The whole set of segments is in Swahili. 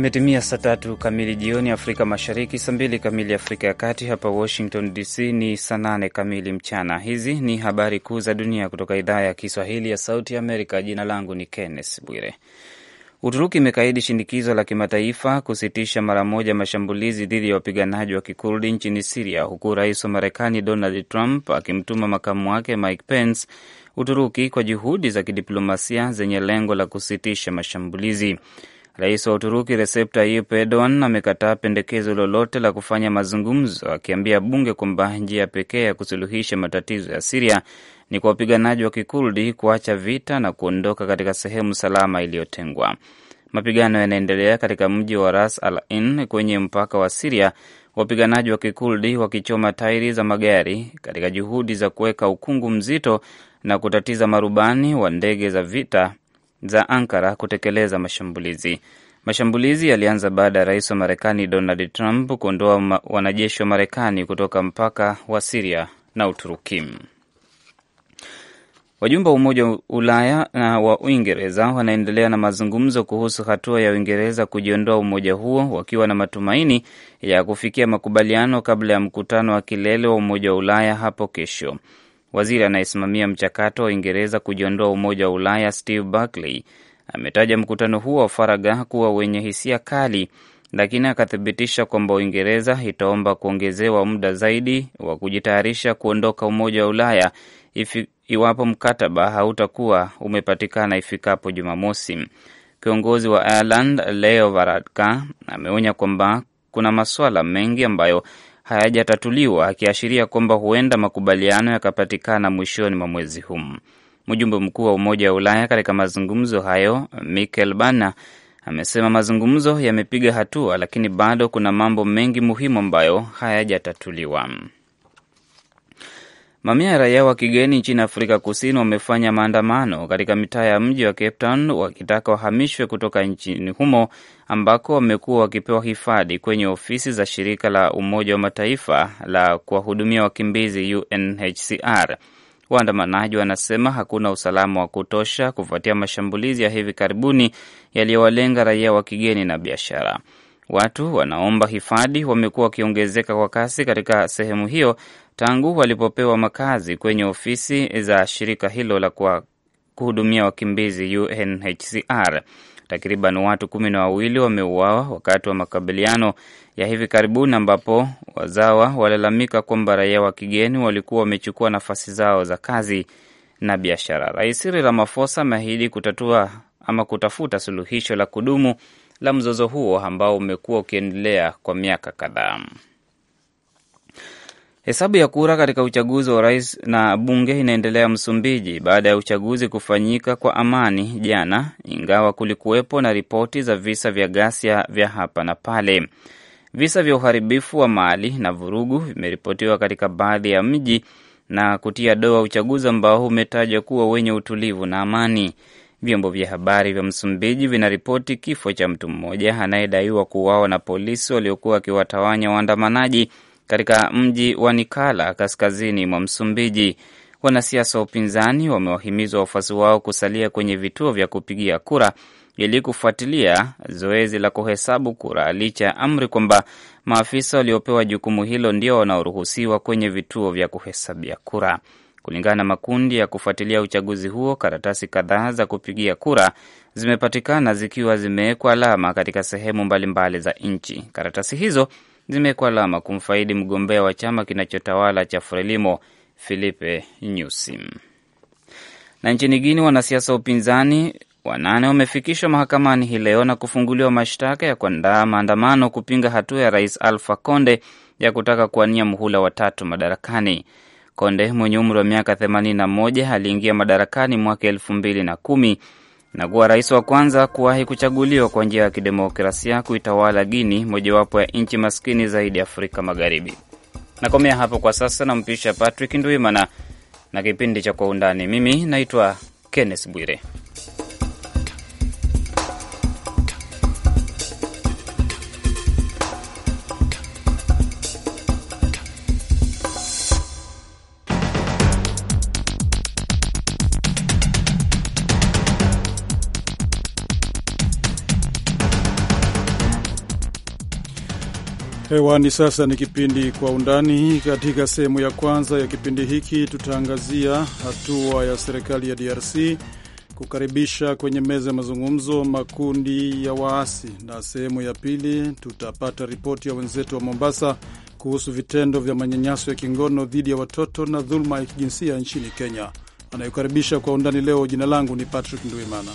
Imetimia saa tatu kamili jioni Afrika Mashariki, saa mbili kamili Afrika ya Kati. Hapa Washington DC ni saa nane kamili mchana. Hizi ni habari kuu za dunia kutoka idhaa ya Kiswahili ya Sauti Amerika. Jina langu ni Kenneth Bwire. Uturuki imekaidi shinikizo la kimataifa kusitisha mara moja mashambulizi dhidi ya wapiganaji wa kikurdi nchini Siria, huku rais wa Marekani Donald Trump akimtuma makamu wake Mike Pence Uturuki kwa juhudi za kidiplomasia zenye lengo la kusitisha mashambulizi. Rais wa Uturuki Recep Tayyip Erdogan amekataa pendekezo lolote la kufanya mazungumzo, akiambia bunge kwamba njia pekee ya kusuluhisha matatizo ya Siria ni kwa wapiganaji wa Kikurdi kuacha vita na kuondoka katika sehemu salama iliyotengwa. Mapigano yanaendelea katika mji wa Ras Al Ain kwenye mpaka wa Siria, wapiganaji wa Kikurdi wakichoma tairi za magari katika juhudi za kuweka ukungu mzito na kutatiza marubani wa ndege za vita za Ankara kutekeleza mashambulizi. Mashambulizi yalianza baada ya rais wa Marekani Donald Trump kuondoa wanajeshi wa Marekani kutoka mpaka wa Siria na Uturuki. Wajumbe wa Umoja wa Ulaya na wa Uingereza wanaendelea na mazungumzo kuhusu hatua ya Uingereza kujiondoa umoja huo, wakiwa na matumaini ya kufikia makubaliano kabla ya mkutano wa kilele wa Umoja wa Ulaya hapo kesho. Waziri anayesimamia mchakato wa Uingereza kujiondoa Umoja wa Ulaya Steve Barclay ametaja mkutano huo wa faragha kuwa wenye hisia kali, lakini akathibitisha kwamba Uingereza itaomba kuongezewa muda zaidi wa kujitayarisha kuondoka Umoja wa Ulaya ifi, iwapo mkataba hautakuwa umepatikana ifikapo Jumamosi. Kiongozi wa Ireland Leo Varadkar ameonya kwamba kuna masuala mengi ambayo hayajatatuliwa, akiashiria kwamba huenda makubaliano yakapatikana mwishoni mwa mwezi huu. Mjumbe mkuu wa Umoja wa Ulaya katika mazungumzo hayo Michel Bana amesema mazungumzo yamepiga hatua, lakini bado kuna mambo mengi muhimu ambayo hayajatatuliwa. Mamia ya raia wa kigeni nchini Afrika Kusini wamefanya maandamano katika mitaa ya mji wa Cape Town wakitaka wahamishwe kutoka nchini humo ambako wamekuwa wakipewa hifadhi kwenye ofisi za shirika la Umoja wa Mataifa la kuwahudumia wakimbizi UNHCR. Waandamanaji wanasema hakuna usalama wa kutosha kufuatia mashambulizi ya hivi karibuni yaliyowalenga raia wa kigeni na biashara. Watu wanaomba hifadhi wamekuwa wakiongezeka kwa kasi katika sehemu hiyo tangu walipopewa makazi kwenye ofisi za shirika hilo la kuhudumia wakimbizi UNHCR. Takriban watu kumi na wawili wameuawa wakati wa makabiliano ya hivi karibuni, ambapo wazawa walalamika kwamba raia wa kigeni walikuwa wamechukua nafasi zao za kazi na biashara. Rais Cyril Ramaphosa ameahidi kutatua ama kutafuta suluhisho la kudumu la mzozo huo ambao umekuwa ukiendelea kwa miaka kadhaa. Hesabu ya kura katika uchaguzi wa rais na bunge inaendelea Msumbiji baada ya uchaguzi kufanyika kwa amani jana, ingawa kulikuwepo na ripoti za visa vya ghasia vya hapa na pale. Visa vya uharibifu wa mali na vurugu vimeripotiwa katika baadhi ya mji na kutia doa uchaguzi ambao umetajwa kuwa wenye utulivu na amani. Vyombo vya habari vya Msumbiji vinaripoti kifo cha mtu mmoja anayedaiwa kuuawa na polisi waliokuwa wakiwatawanya waandamanaji katika mji wa Nikala kaskazini mwa Msumbiji. Wanasiasa wa upinzani wamewahimizwa wafuasi wao kusalia kwenye vituo vya kupigia kura ili kufuatilia zoezi la kuhesabu kura, licha ya amri kwamba maafisa waliopewa jukumu hilo ndio wanaoruhusiwa kwenye vituo vya kuhesabia kura. Kulingana na makundi ya kufuatilia uchaguzi huo, karatasi kadhaa za kupigia kura zimepatikana zikiwa zimewekwa alama katika sehemu mbalimbali mbali za nchi. Karatasi hizo zimekwalama kumfaidi mgombea wa chama kinachotawala cha Frelimo Filipe Nyusi. Na nchini Guini, wanasiasa wa upinzani wanane wamefikishwa mahakamani hii leo na kufunguliwa mashtaka ya kuandaa maandamano kupinga hatua ya rais Alfa Conde ya kutaka kuwania mhula watatu madarakani. Konde mwenye umri wa miaka 81 aliingia madarakani mwaka elfu mbili na kumi na kuwa rais wa kwanza kuwahi kuchaguliwa kwa njia ya kidemokrasia kuitawala Guini, mojawapo ya nchi maskini zaidi Afrika Magharibi. Nakomea hapo kwa sasa, nampisha Patrick Ndwimana na kipindi cha Kwa Undani. Mimi naitwa Kenneth Bwire. Hewani sasa ni kipindi Kwa Undani. Katika sehemu ya kwanza ya kipindi hiki, tutaangazia hatua ya serikali ya DRC kukaribisha kwenye meza ya mazungumzo makundi ya waasi, na sehemu ya pili tutapata ripoti ya wenzetu wa Mombasa kuhusu vitendo vya manyanyaso ya kingono dhidi ya watoto na dhuluma ya kijinsia nchini Kenya. Anayokaribisha Kwa Undani leo, jina langu ni Patrick Ndwimana.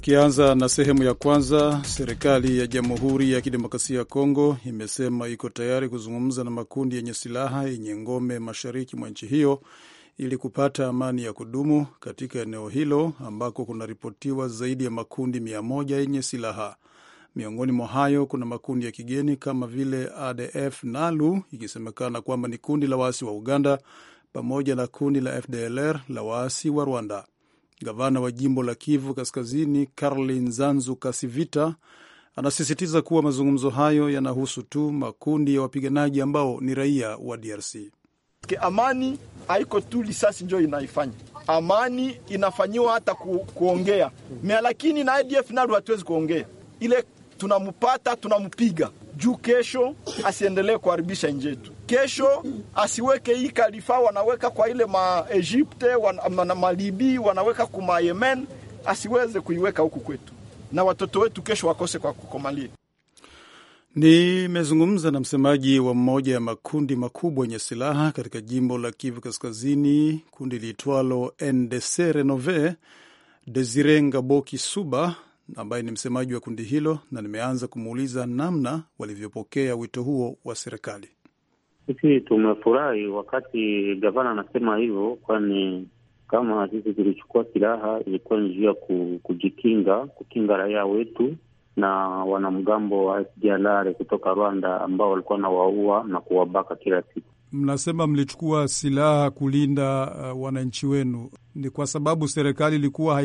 Tukianza na sehemu ya kwanza, serikali ya Jamhuri ya Kidemokrasia ya Kongo imesema iko tayari kuzungumza na makundi yenye silaha yenye ngome mashariki mwa nchi hiyo ili kupata amani ya kudumu katika eneo hilo ambako kunaripotiwa zaidi ya makundi mia moja yenye silaha. Miongoni mwa hayo kuna makundi ya kigeni kama vile ADF NALU, ikisemekana kwamba ni kundi la waasi wa Uganda pamoja na kundi la FDLR la waasi wa Rwanda. Gavana wa jimbo la Kivu Kaskazini, carlin zanzu Kasivita, anasisitiza kuwa mazungumzo hayo yanahusu tu makundi ya wapiganaji ambao ni raia wa DRC. Amani haiko tu lisasi njo inaifanya amani, inafanyiwa hata ku, kuongea mea, lakini na ADF nalo hatuwezi kuongea ile, tunamupata tunamupiga juu, kesho asiendelee kuharibisha njetu kesho asiweke hii kalifa, wanaweka kwa ile ma Egypte wana, malibi wanaweka kuma Yemen, asiweze kuiweka huku kwetu na watoto wetu kesho wakose kwa kukomalia. Nimezungumza na msemaji wa mmoja ya makundi makubwa yenye silaha katika jimbo la Kivu Kaskazini, kundi liitwalo NDC Renove, Desire Ngaboki Suba ambaye ni msemaji wa kundi hilo, na nimeanza kumuuliza namna walivyopokea wito huo wa serikali. Sisi tumefurahi wakati gavana anasema hivyo, kwani kama sisi tulichukua silaha ilikuwa ni juu ya kujikinga, kukinga raia wetu na wanamgambo wa FDLR kutoka Rwanda ambao walikuwa na waua na kuwabaka kila siku. Mnasema mlichukua silaha kulinda uh, wananchi wenu, ni kwa sababu serikali ilikuwa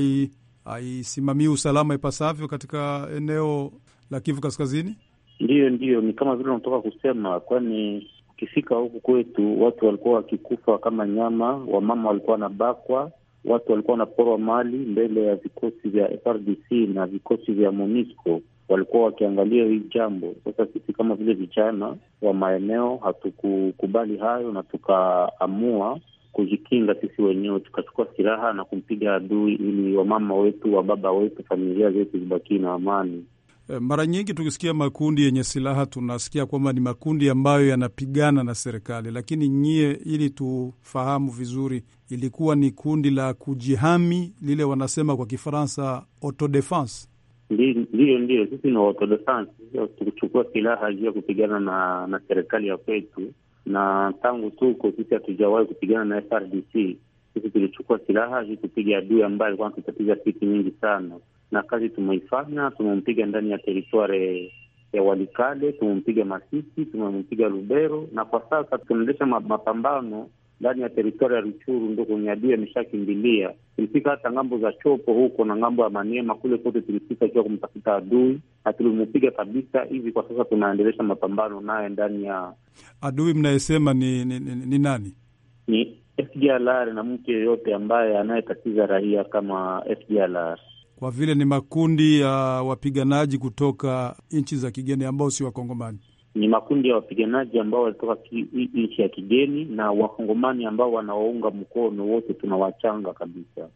haisimamii hai usalama ipasavyo katika eneo la Kivu Kaskazini? Ndiyo, ndiyo, ni kama vile unatoka kusema, kwani Ukifika huku kwetu, watu walikuwa wakikufa kama nyama, wamama walikuwa wanabakwa, watu walikuwa wanaporwa mali mbele ya vikosi vya FRDC na vikosi vya MONUSCO walikuwa wakiangalia hii jambo. Sasa sisi kama vile vijana wa maeneo hatukukubali hayo, na tukaamua kujikinga sisi wenyewe, tukachukua silaha na kumpiga adui, ili wamama wetu, wababa wetu, familia zetu zibakii na amani. Eh, mara nyingi tukisikia makundi yenye silaha tunasikia kwamba ni makundi ambayo yanapigana na serikali, lakini nyie, ili tufahamu vizuri, ilikuwa ni kundi la kujihami, lile wanasema kwa Kifaransa autodefense. Ndiyo, ndiyo, sisi ni autodefense, tukuchukua silaha juu ya kupigana na na serikali ya kwetu, na tangu tuko sisi hatujawahi kupigana na FRDC. Sisi tulichukua silaha juu kupiga adui ambaye alikuwa anatutatiza siku nyingi sana na kazi tumeifanya. Tumempiga ndani ya teritwari ya Walikale, tumempiga Masisi, tumempiga Lubero, na kwa sasa tunaendesha mapambano ndani ya teritwari ya Ruchuru, ndo kwenye adui ameshakimbilia. Tulifika hata ngambo za Chopo huko na ngambo ya Maniema kule kote, tulifika ikiwa kumtafuta adui na tulimupiga kabisa. Hivi kwa sasa tunaendelesha mapambano naye ndani ya adui. Mnayesema ni, ni, ni, ni nani? Ni FDLR na mtu yeyote ambaye anayetatiza raia kama FDLR kwa vile ni makundi ya wapiganaji kutoka nchi za kigeni ambao si Wakongomani. Ni makundi ya wapiganaji ambao walitoka nchi ya kigeni, na Wakongomani ambao wanawaunga mkono wote tunawachanga kabisa.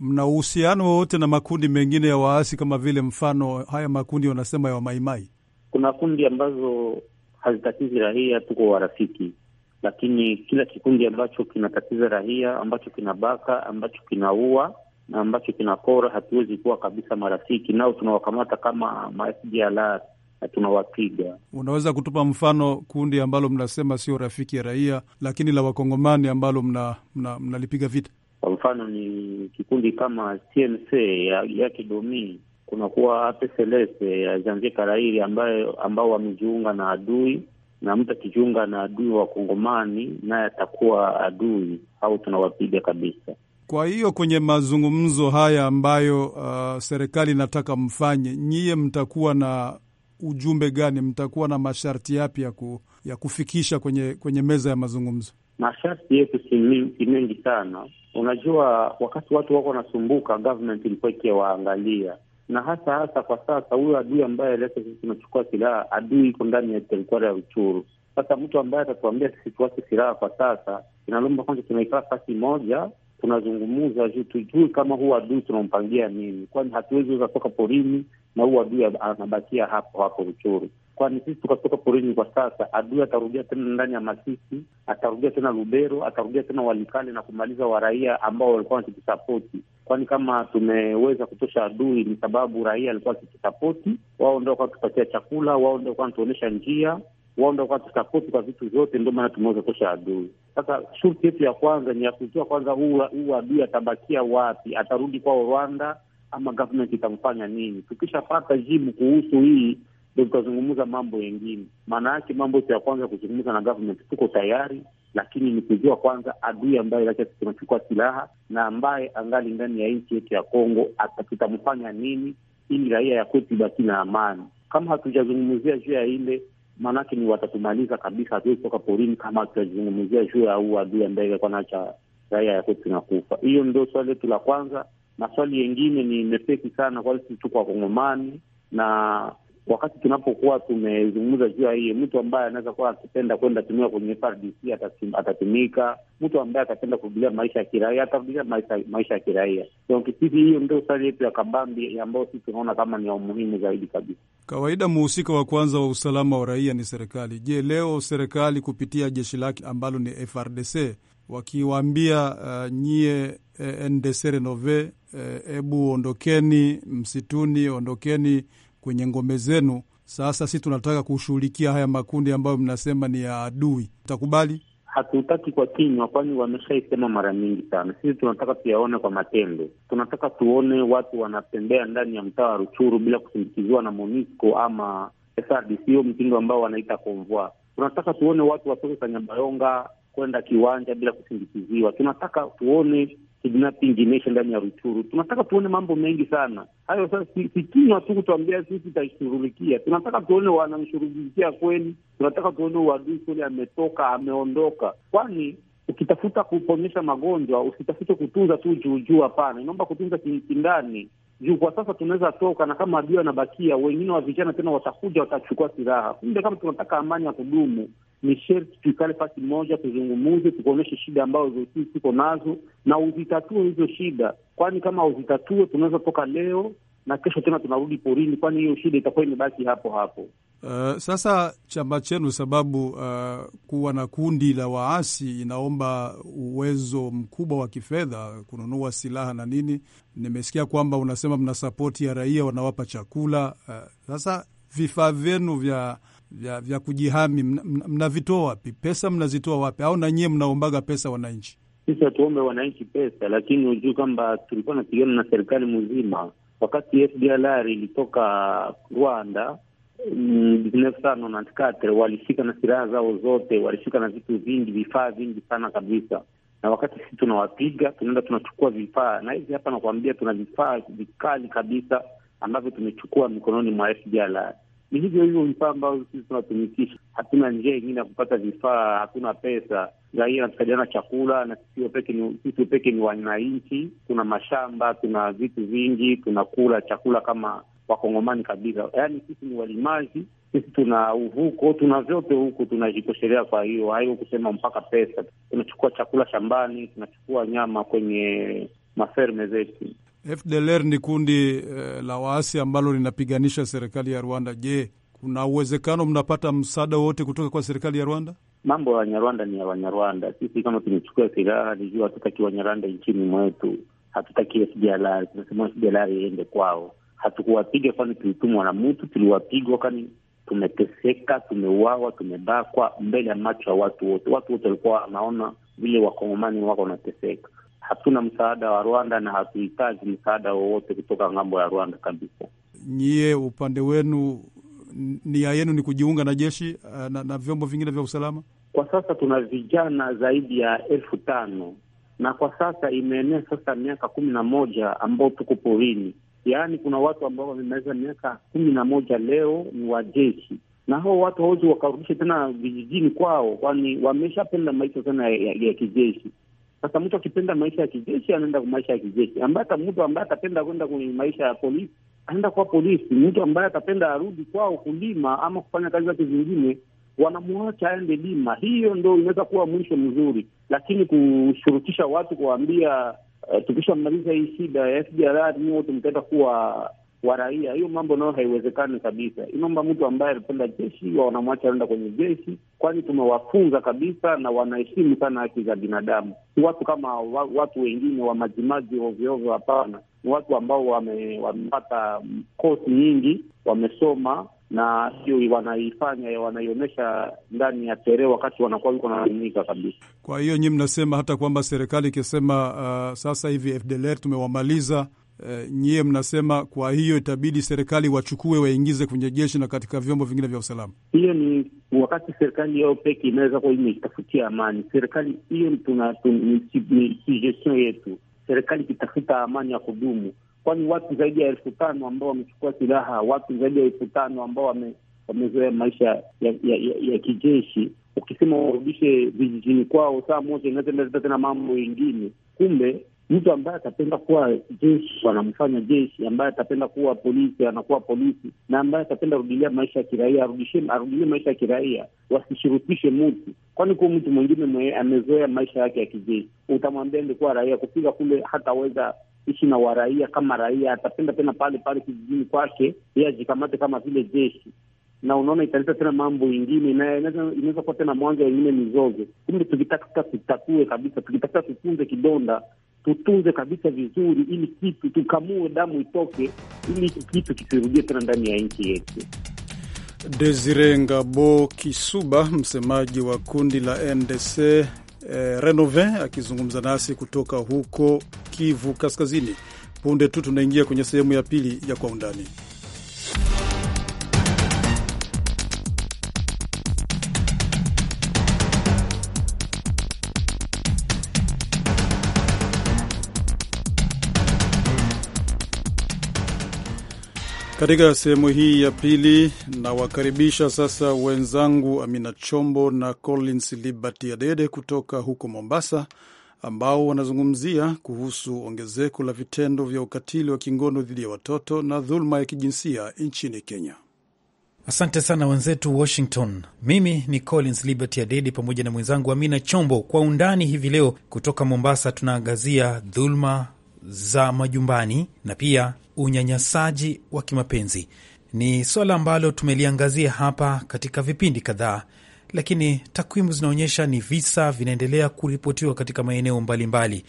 Mna uhusiano wowote na makundi mengine ya waasi, kama vile mfano haya makundi wanasema ya wamaimai? Kuna kundi ambazo hazitatizi rahia, tuko warafiki lakini kila kikundi ambacho kinatatiza rahia, ambacho kinabaka, ambacho kinaua, na ambacho kinakora, hatuwezi kuwa kabisa marafiki nao, tunawakamata kama ma na tunawapiga. Unaweza kutupa mfano kundi ambalo mnasema sio rafiki ya raia, lakini la wakongomani ambalo mnalipiga mna, mna vita? Kwa mfano ni kikundi kama CMC ya Kidomi, kunakuwa apeselese ya Janvier Karairi ambao wamejiunga na adui, na mtu akijiunga na adui wa wakongomani naye atakuwa adui, au tunawapiga kabisa. Kwa hiyo kwenye mazungumzo haya ambayo uh, serikali inataka mfanye, nyiye mtakuwa na ujumbe gani? Mtakuwa na masharti yapi ya, ku, ya kufikisha kwenye kwenye meza ya mazungumzo? Masharti yetu si mengi sana. Unajua, wakati watu wako wanasumbuka, government ilikuwa ikiwaangalia na hasa hasa kwa sasa, huyo adui ambaye aleta sisi tunachukua silaha, adui iko ndani ya teritwari ya uchuru Sasa mtu ambaye atatuambia sisi tuache silaha kwa sasa, inalomba kwanza tunaikaa fasi moja tunazungumza juu tujui kama huu adui tunampangia nini, kwani hatuwezi weza toka porini na huu adui anabakia hapo hapo Ruchuru, kwani sisi tukatoka porini kwa sasa, adui atarudia tena ndani ya Masisi, atarudia tena Lubero, atarudia tena Walikale na kumaliza waraia ambao walikuwa wakitusapoti, kwani kama tumeweza kutosha adui ni sababu raia alikuwa akitusapoti, wao ndio wakutupatia chakula, wao ndio wakutuonyesha njia wao ndio kwa tutakoti kwa vitu vyote, ndio maana tumeweza kosha adui. Sasa shurti yetu ya kwanza ni ya kujua kwanza huu adui atabakia wapi, atarudi kwao Rwanda ama government itamfanya nini? Tukishapata jibu kuhusu hii ndo tutazungumza mambo yengine. Maana yake mambo yetu ya kwanza kuzungumza na government, tuko tayari, lakini ni kujua kwanza adui ambaye tunachukua silaha na ambaye angali ndani ya nchi yetu ya Kongo tutamfanya nini, ili raia ya kwetu ibaki na amani. Kama hatujazungumzia juu ya ile maanake ni watatumaliza kabisa, hatuwezi kutoka porini kama tutazungumzia juu ya huu adui ambaye ilikuwa naacha raia ya kwetu inakufa. Hiyo ndio swali letu la kwanza. Maswali yengine ni mepesi sana, kwa sisi tuko Wakongomani na wakati tunapokuwa tumezungumza juu ya mtu ambaye anaweza kuwa akipenda kwenda tumia kwenye FARDC atatumika, mtu ambaye atapenda kurudilia maisha ya kiraia atarudilia maisha, maisha ya kiraia. Donc sisi, hiyo ndio usali yetu ya kabambi ambayo sisi tunaona kama ni ya umuhimu zaidi kabisa. Kawaida muhusika wa kwanza wa usalama wa raia ni serikali. Je, leo serikali kupitia jeshi lake ambalo ni frdc wakiwaambia uh, nyie eh, NDC renove, hebu eh, ondokeni msituni, ondokeni kwenye ngome zenu. Sasa si tunataka kushughulikia haya makundi ambayo mnasema ni ya adui, takubali? Hatutaki kwa kinywa, kwani wameshaisema mara nyingi sana. Sisi tunataka tuyaone kwa matendo. Tunataka tuone watu wanatembea ndani ya mtaa wa Ruchuru bila kusindikiziwa na MONUSCO ama SADC, hiyo mtindo ambao wanaita konvoi. Tunataka tuone watu watoke Kanyabayonga kwenda kiwanja bila kusindikiziwa. Tunataka tuone kidnapping ndani ya Ruchuru. Tunataka tuone mambo mengi sana hayo. Sasa sikinywa tu kutuambia sisi taishughulikia, tunataka tuone wanamshughulikia kweli. Tunataka tuone uadui kule ametoka, ameondoka, kwani ukitafuta kuponyesha magonjwa usitafute kutunza tu juujuu. Hapana, inaomba kutunza kindani juu kwa sasa tunaweza toka, na kama adui anabakia, wengine wa vijana tena watakuja watachukua silaha. Kumbe kama tunataka amani ya kudumu, ni sherti tuikale fasi moja, tuzungumuze, tukuonyeshe shida ambazo tuko nazo na uzitatue hizo shida, kwani kama uzitatue tunaweza toka leo na kesho tena tunarudi porini, kwani hiyo shida itakuwa imebaki hapo hapo. Uh, sasa chama chenu sababu uh, kuwa na kundi la waasi inaomba uwezo mkubwa wa kifedha kununua silaha na nini. Nimesikia kwamba unasema mna sapoti ya raia, wanawapa chakula uh, sasa vifaa vyenu vya vya, vya kujihami mnavitoa mna wapi? Pesa mnazitoa wapi? Au na nyie mnaombaga pesa wananchi? Sisi hatuombe wananchi pesa, lakini hujui kwamba tulikuwa napigana na serikali mzima wakati FDLR ilitoka Rwanda mm, walifika na silaha zao zote, walifika na vitu vingi, vifaa vingi sana kabisa. Na wakati sisi tunawapiga, tunaenda tunachukua vifaa, na hivi hapa nakuambia, tuna vifaa vikali kabisa ambavyo tumechukua mikononi mwa FDLR. Ni hivyo hivyo vifaa ambavyo sisi tunatumikisha, hatuna njia ingine ya kupata vifaa, hatuna pesa, raia anatukajana chakula, na sisi peke ni wananchi. Tuna mashamba, tuna vitu vingi, tunakula chakula kama wakongomani kabisa. Yaani sisi ni walimaji, sisi tuna uvuko, tuna vyote huku, tunajitoshelea. Kwa hiyo haio kusema mpaka pesa, tunachukua chakula shambani, tunachukua nyama kwenye maferme zetu. FDLR ni kundi eh, la waasi ambalo linapiganisha serikali ya Rwanda. Je, kuna uwezekano mnapata msaada wote kutoka kwa serikali ya Rwanda? Mambo ya Wanyarwanda ni ya Wanyarwanda. Sisi kama tumechukua silaha ni hatutaki Wanyarwanda nchini mwetu, hatutaki FDLR. Tunasema FDLR iende kwao. Hatukuwapiga kwani tulitumwa na mtu, tuliwapigwa kwani tumeteseka, tumeuawa, tumebakwa mbele ya macho ya watu wote. Watu wote walikuwa wanaona vile wakongomani wako wanateseka hatuna msaada wa Rwanda na hatuhitaji msaada wowote kutoka ng'ambo ya Rwanda kabisa. Nyie upande wenu, nia yenu ni kujiunga na jeshi eh, na, na vyombo vingine vya usalama? Kwa sasa tuna vijana zaidi ya elfu tano na kwa sasa imeenea sasa miaka kumi na moja ambao tuko porini, yaani kuna watu ambao wamemaliza miaka kumi na moja leo ni wajeshi na hao watu hawezi wakarudisha tena vijijini kwao, kwani wameshapenda maisha sana ya, ya, ya kijeshi. Sasa mtu akipenda maisha ya kijeshi anaenda kwa maisha ya kijeshi, ambaye mtu ambaye atapenda kwenda kwenye maisha ya polisi anaenda kuwa polisi. Mtu ambaye atapenda arudi kwao kulima ama kufanya kazi zake zingine, wanamwacha aende lima. Hiyo ndo inaweza kuwa mwisho mzuri, lakini kushurutisha watu kuwaambia, uh, tukishamaliza hii shida ya SGR wote mtaenda kuwa wa raia. Hiyo mambo nayo haiwezekani kabisa. Inaomba mtu ambaye alipenda jeshi wanamwacha enda kwenye jeshi, kwani tumewafunza kabisa na wanaheshimu sana haki za binadamu. Watu kama wa, watu wengine wa majimaji ovyoovyo, hapana. Ni watu ambao wamepata wame kosi nyingi, wamesoma na hiyo wanaifanya wanaionyesha ndani ya sherehe wakati wanakuwa wiko nalalamika kabisa. Kwa hiyo nyi mnasema hata kwamba serikali ikisema, uh, sasa hivi FDLR tumewamaliza, e, nyie mnasema kwa hiyo itabidi serikali wachukue waingize kwenye jeshi na katika vyombo vingine vya usalama. Hiyo ni wakati serikali yao peke inaweza kuwa imeitafutia amani. Serikali hiyo ni yetu, serikali ikitafuta amani ya kudumu, kwani watu zaidi ya elfu tano ambao wamechukua silaha, watu zaidi ya elfu tano ambao wame wamezoea maisha ya, ya, ya, ya kijeshi. Ukisema warudishe vijijini kwao, saa moja inaweza leta tena mambo mengine. Kumbe Mtu ambaye atapenda kuwa jeshi wanamfanya jeshi, ambaye atapenda kuwa polisi anakuwa polisi, na ambaye atapenda rudilia maisha ya kiraia arudilie maisha ya kiraia, wasishurutishe mtu, kwani kuwa mtu mwingine amezoea maisha yake ya kijeshi, utamwambia ndikuwa raia kufika kule hataweza ishi na waraia kama raia, atapenda tena pale pale kijijini kwake, yeye ajikamate kama vile jeshi na unaona italeta tena mambo ingine, inaweza kuwa tena mwanzo wengine mizozo. Kumbe tukitaka tutakue kabisa, tukitaka tutunze kidonda tutunze kabisa vizuri, ili kitu tukamue, damu itoke, ili kitu kisirudie tena ndani ya nchi yetu. Desire Ngabo Kisuba, msemaji wa kundi la NDC eh, Renove, akizungumza nasi kutoka huko Kivu Kaskazini. Punde tu tunaingia kwenye sehemu ya pili ya Kwa Undani. Katika sehemu hii ya pili nawakaribisha sasa wenzangu Amina Chombo na Collins Liberty Adede kutoka huko Mombasa, ambao wanazungumzia kuhusu ongezeko la vitendo vya ukatili wa kingono dhidi ya watoto na dhuluma ya kijinsia nchini Kenya. Asante sana wenzetu Washington. Mimi ni Collins Liberty Adedi pamoja na mwenzangu Amina Chombo. Kwa undani hivi leo kutoka Mombasa tunaangazia dhuluma za majumbani na pia unyanyasaji wa kimapenzi. Ni swala ambalo tumeliangazia hapa katika vipindi kadhaa, lakini takwimu zinaonyesha ni visa vinaendelea kuripotiwa katika maeneo mbalimbali,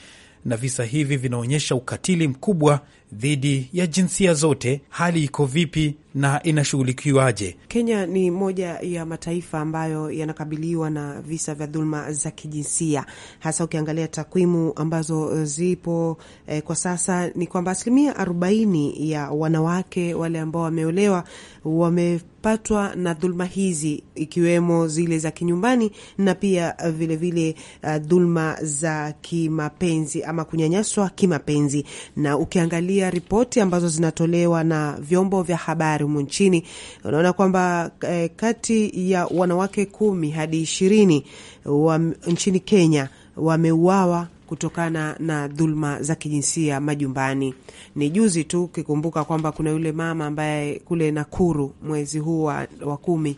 na visa hivi vinaonyesha ukatili mkubwa dhidi ya jinsia zote, hali iko vipi na inashughulikiwaje? Kenya ni moja ya mataifa ambayo yanakabiliwa na visa vya dhuluma za kijinsia, hasa ukiangalia takwimu ambazo zipo eh, kwa sasa ni kwamba asilimia arobaini ya wanawake wale ambao wameolewa wamepatwa na dhuluma hizi, ikiwemo zile za kinyumbani na pia vilevile vile, uh, za kimapenzi ama kunyanyaswa kimapenzi, na ukiangalia kuangalia ripoti ambazo zinatolewa na vyombo vya habari humu nchini unaona kwamba eh, kati ya wanawake kumi hadi ishirini wa nchini Kenya wameuawa kutokana na dhuluma za kijinsia majumbani. Ni juzi tu ukikumbuka kwamba kuna yule mama ambaye kule Nakuru mwezi huu wa kumi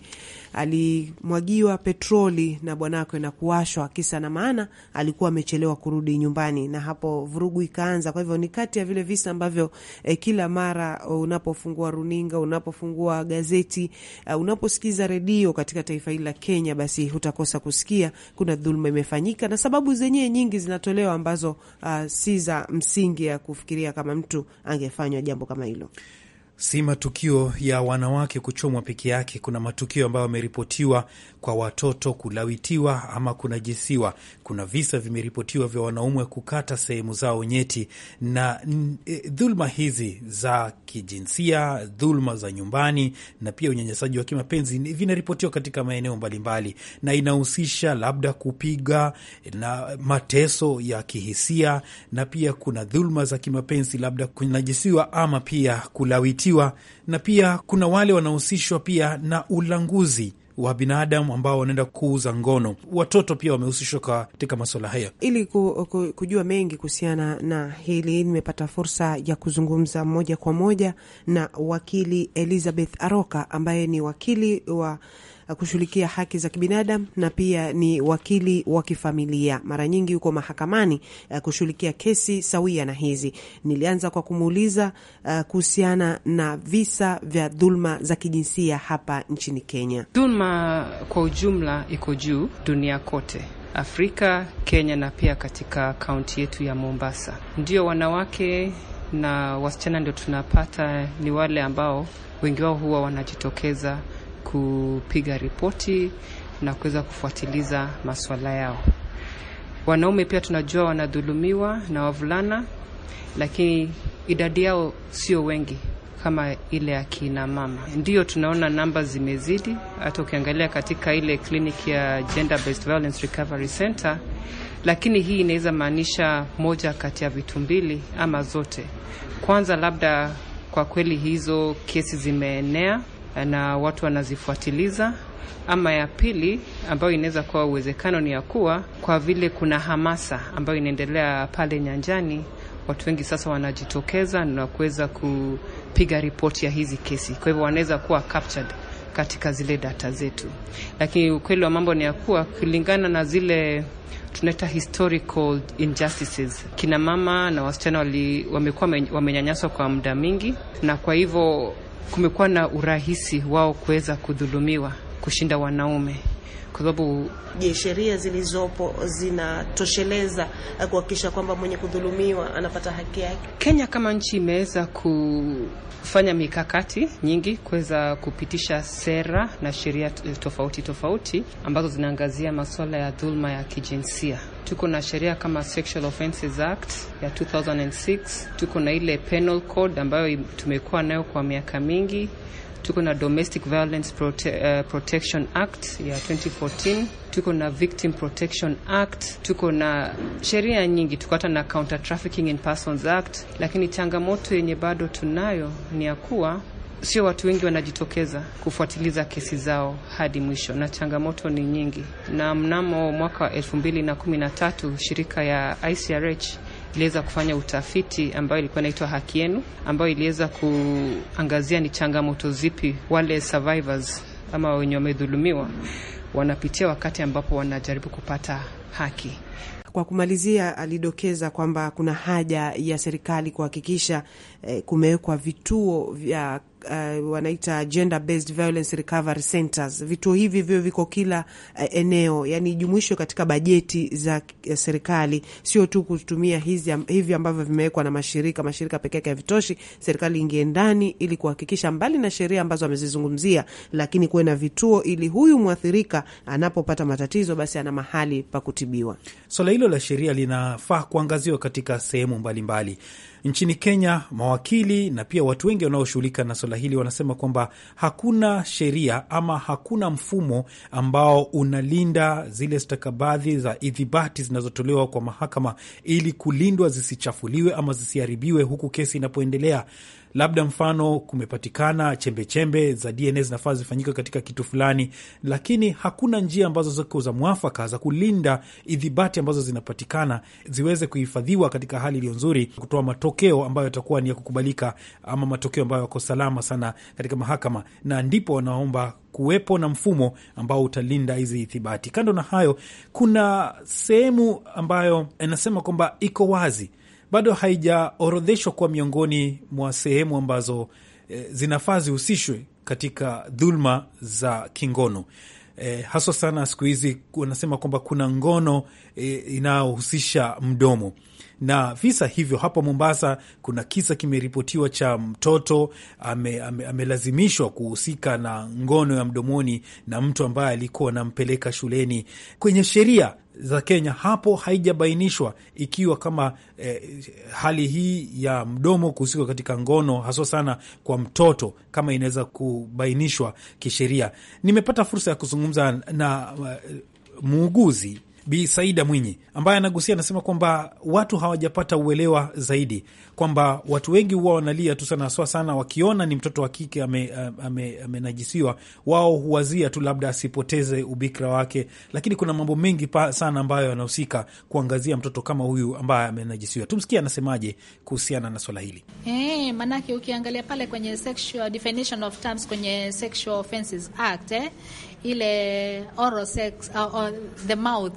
alimwagiwa petroli na bwanakwe na kuwashwa, kisa na maana alikuwa amechelewa kurudi nyumbani, na hapo vurugu ikaanza. Kwa hivyo ni kati ya vile visa ambavyo eh, kila mara uh, unapofungua runinga, unapofungua gazeti, uh, unaposikiza redio katika taifa hili la Kenya, basi hutakosa kusikia kuna dhuluma imefanyika, na sababu zenyewe nyingi zinatolewa ambazo uh, si za msingi ya kufikiria kama mtu angefanywa jambo kama hilo. Si matukio ya wanawake kuchomwa peke yake. Kuna matukio ambayo yameripotiwa kwa watoto kulawitiwa ama kunajisiwa kuna visa vimeripotiwa vya wanaume kukata sehemu zao nyeti. Na e, dhuluma hizi za kijinsia, dhuluma za nyumbani na pia unyanyasaji wa kimapenzi vinaripotiwa katika maeneo mbalimbali, na inahusisha labda kupiga na mateso ya kihisia, na pia kuna dhuluma za kimapenzi, labda kunajisiwa ama pia kulawitiwa, na pia kuna wale wanahusishwa pia na ulanguzi wa binadamu ambao wanaenda kuuza ngono. Watoto pia wamehusishwa katika masuala haya. Ili ku, ku, kujua mengi kuhusiana na hili, nimepata fursa ya kuzungumza moja kwa moja na wakili Elizabeth Aroka ambaye ni wakili wa Eh, kushughulikia haki za kibinadamu na pia ni wakili wa kifamilia. Mara nyingi yuko mahakamani eh, kushughulikia kesi sawia na hizi. Nilianza kwa kumuuliza eh, kuhusiana na visa vya dhulma za kijinsia hapa nchini Kenya. Dhulma kwa ujumla iko juu dunia kote Afrika, Kenya na pia katika kaunti yetu ya Mombasa. Ndio wanawake na wasichana ndio tunapata ni wale ambao wengi wao huwa wanajitokeza kupiga ripoti na kuweza kufuatiliza masuala yao. Wanaume pia tunajua wanadhulumiwa na wavulana, lakini idadi yao sio wengi kama ile ya kina mama. Ndio tunaona namba zimezidi. Hata ukiangalia katika ile kliniki ya Gender Based Violence Recovery Center, lakini hii inaweza maanisha moja kati ya vitu mbili ama zote. Kwanza labda kwa kweli hizo kesi zimeenea na watu wanazifuatiliza. Ama ya pili ambayo inaweza kuwa uwezekano ni ya kuwa, kwa vile kuna hamasa ambayo inaendelea pale nyanjani, watu wengi sasa wanajitokeza na kuweza kupiga ripoti ya hizi kesi, kwa hivyo wanaweza kuwa captured katika zile data zetu, lakini ukweli wa mambo ni ya kuwa kulingana na zile tunaita historical injustices, kina mama na wasichana wamekuwa wamenyanyaswa kwa muda mingi, na kwa hivyo kumekuwa na urahisi wao kuweza kudhulumiwa kushinda wanaume kwa sababu je, sheria zilizopo zinatosheleza kuhakikisha kwamba mwenye kudhulumiwa anapata haki yake? Kenya kama nchi imeweza kufanya mikakati nyingi kuweza kupitisha sera na sheria tofauti tofauti ambazo zinaangazia masuala ya dhulma ya kijinsia. Tuko na sheria kama Sexual Offences Act ya 2006, tuko na ile Penal Code ambayo tumekuwa nayo kwa miaka mingi tuko na Domestic Violence Prote uh, Protection Act ya 2014, tuko na Victim Protection Act, tuko na sheria nyingi, tuko hata na Counter Trafficking in Persons Act. Lakini changamoto yenye bado tunayo ni ya kuwa sio watu wengi wanajitokeza kufuatiliza kesi zao hadi mwisho, na changamoto ni nyingi. Na mnamo mwaka wa 2013 shirika ya ICRH iliweza kufanya utafiti ambayo ilikuwa inaitwa Haki Yenu, ambayo iliweza kuangazia ni changamoto zipi wale survivors ama wenye wamedhulumiwa wanapitia wakati ambapo wanajaribu kupata haki. Kwa kumalizia, alidokeza kwamba kuna haja ya serikali kuhakikisha eh, kumewekwa vituo vya uh, wanaita gender based violence recovery centers. Vituo hivi vio viko kila uh, eneo, yani jumuishwe katika bajeti za uh, serikali, sio tu kutumia hizi um, hivi ambavyo vimewekwa na mashirika. Mashirika peke yake havitoshi, serikali ingie ndani ili kuhakikisha mbali na sheria ambazo amezizungumzia, lakini kuwe na vituo ili huyu mwathirika anapopata matatizo basi ana mahali pa kutibiwa. Swala so, hilo la sheria linafaa kuangaziwa katika sehemu mbalimbali mbali. Nchini Kenya, mawakili na pia watu wengi wanaoshughulika na swala hili wanasema kwamba hakuna sheria ama hakuna mfumo ambao unalinda zile stakabadhi za idhibati zinazotolewa kwa mahakama ili kulindwa zisichafuliwe ama zisiharibiwe huku kesi inapoendelea labda mfano kumepatikana chembechembe chembe za DNA zinafaa zifanyike katika kitu fulani, lakini hakuna njia ambazo ziko za mwafaka za kulinda idhibati ambazo zinapatikana ziweze kuhifadhiwa katika hali iliyo nzuri, kutoa matokeo ambayo yatakuwa ni ya kukubalika ama matokeo ambayo yako salama sana katika mahakama, na ndipo wanaomba kuwepo na mfumo ambao utalinda hizi ithibati. Kando na hayo, kuna sehemu ambayo inasema kwamba iko wazi bado haijaorodheshwa kuwa miongoni mwa sehemu ambazo eh, zinafaa zihusishwe katika dhulma za kingono. eh, haswa sana siku hizi wanasema kwamba kuna ngono eh, inayohusisha mdomo na visa hivyo. Hapa Mombasa kuna kisa kimeripotiwa cha mtoto amelazimishwa ame, ame kuhusika na ngono ya mdomoni na mtu ambaye alikuwa anampeleka shuleni. Kwenye sheria za Kenya hapo haijabainishwa ikiwa kama eh, hali hii ya mdomo kuhusika katika ngono haswa sana kwa mtoto kama inaweza kubainishwa kisheria. Nimepata fursa ya kuzungumza na uh, muuguzi Bi Saida Mwinyi ambaye anagusia, anasema kwamba watu hawajapata uelewa zaidi, kwamba watu wengi huwa wanalia tu sana haswa sana wakiona ni mtoto wa kike eh, amenajisiwa, ame, ame wao huwazia tu labda asipoteze ubikra wake, lakini kuna mambo mengi pa sana ambayo yanahusika kuangazia mtoto kama huyu ambaye amenajisiwa. Tumsikie anasemaje kuhusiana na swala hili. Hey, eh, manake ukiangalia pale kwenye sexual definition of terms kwenye Sexual Offences Act eh? ile oral sex uh, on uh, the mouth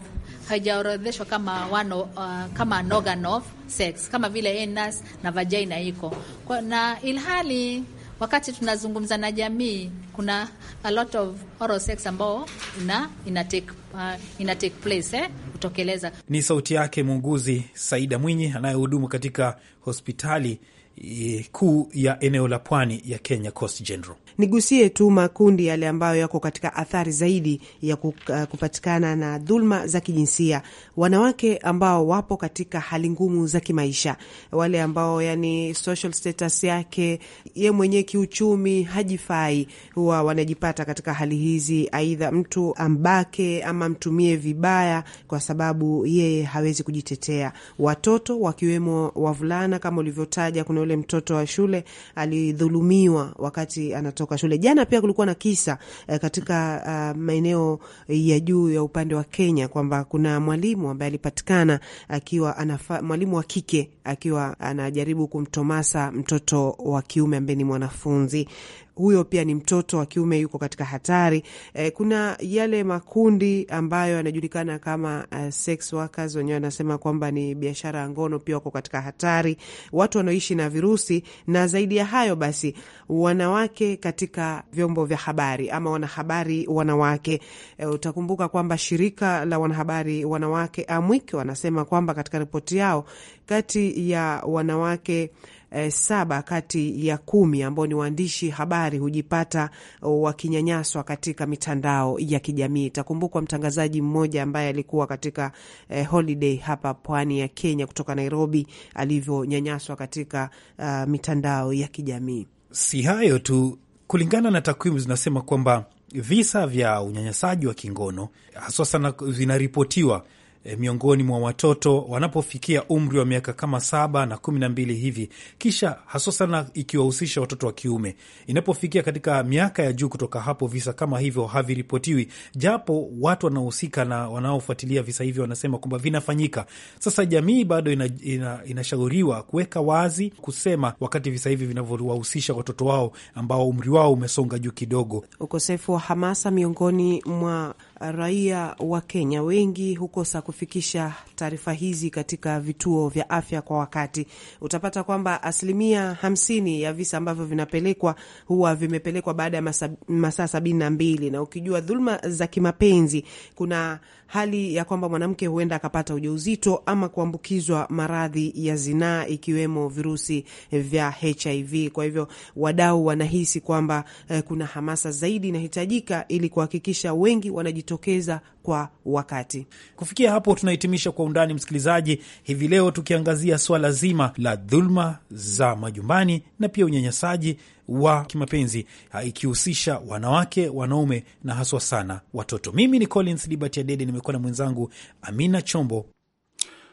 haijaorodheshwa kama wano, uh, kama organ of sex kama vile anus na vagina iko kwa, na ilhali wakati tunazungumza na jamii kuna a lot of oral sex ambao ina, ina take, uh, ina take place eh, utokeleza. Ni sauti yake muuguzi Saida Mwinyi anayehudumu katika hospitali Eh, kuu ya eneo la pwani ya Kenya, Coast General. Nigusie tu makundi yale ambayo yako katika athari zaidi ya uh, kupatikana na dhulma za kijinsia, wanawake ambao wapo katika hali ngumu za kimaisha, wale ambao yani social status yake ye mwenyewe kiuchumi hajifai, huwa wanajipata katika hali hizi, aidha mtu ambake ama mtumie vibaya kwa sababu yeye hawezi kujitetea, watoto wakiwemo wavulana kama ulivyotaja kuna ule mtoto wa shule alidhulumiwa wakati anatoka shule. Jana pia kulikuwa na kisa eh, katika uh, maeneo ya juu ya upande wa Kenya kwamba kuna mwalimu ambaye alipatikana akiwa anafa, mwalimu wa kike akiwa anajaribu kumtomasa mtoto wa kiume ambaye ni mwanafunzi huyo pia ni mtoto wa kiume yuko katika hatari. E, kuna yale makundi ambayo yanajulikana kama uh, sex workers, wenyewe wanasema kwamba ni biashara ya ngono, pia wako katika hatari, watu wanaoishi na virusi, na zaidi ya hayo basi wanawake katika vyombo vya habari ama wanahabari wanawake. E, utakumbuka kwamba shirika la wanahabari wanawake AMWIK wanasema kwamba katika ripoti yao kati ya wanawake eh, saba kati ya kumi ambao ni waandishi habari hujipata oh, wakinyanyaswa katika mitandao ya kijamii. Itakumbukwa mtangazaji mmoja ambaye alikuwa katika eh, holiday hapa pwani ya Kenya kutoka Nairobi alivyonyanyaswa katika uh, mitandao ya kijamii. Si hayo tu, kulingana na takwimu zinasema kwamba visa vya unyanyasaji wa kingono haswa sana vinaripotiwa e, miongoni mwa watoto wanapofikia umri wa miaka kama saba na kumi na mbili hivi, kisha haswa sana ikiwahusisha watoto wa kiume. Inapofikia katika miaka ya juu kutoka hapo, visa kama hivyo haviripotiwi, japo watu wanaohusika na wanaofuatilia visa hivyo wanasema kwamba vinafanyika. Sasa jamii bado ina, ina, inashauriwa kuweka wazi kusema wakati visa hivi vinavyowahusisha watoto wao ambao umri wao umesonga juu kidogo. Ukosefu wa hamasa miongoni mwa raia wa Kenya wengi hukosa kufikisha taarifa hizi katika vituo vya afya kwa wakati. Utapata kwamba asilimia hamsini ya visa ambavyo vinapelekwa huwa vimepelekwa baada ya masaa sabini na mbili, na ukijua dhuluma za kimapenzi kuna hali ya kwamba mwanamke huenda akapata ujauzito ama kuambukizwa maradhi ya zinaa ikiwemo virusi vya HIV. Kwa hivyo wadau wanahisi kwamba eh, kuna hamasa zaidi inahitajika ili kuhakikisha wengi wanajitokeza kwa wakati. Kufikia hapo, tunahitimisha Kwa Undani, msikilizaji, hivi leo tukiangazia swala zima la dhuluma za majumbani na pia unyanyasaji wa kimapenzi ikihusisha wanawake, wanaume na haswa sana watoto. Mimi ni Collins Liberty Adede, nimekuwa na mwenzangu Amina Chombo.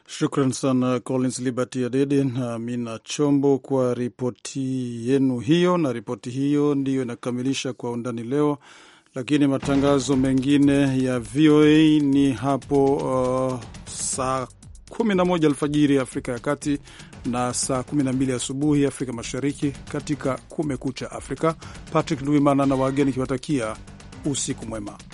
Shukran sana Collins Liberty Adede na Amina Chombo kwa ripoti yenu hiyo, na ripoti hiyo ndiyo inakamilisha Kwa Undani leo lakini matangazo mengine ya VOA ni hapo uh, saa 11 alfajiri Afrika ya Kati na saa 12 asubuhi Afrika Mashariki. Katika Kumekucha Afrika, Patrick Duimana na wageni kiwatakia usiku mwema.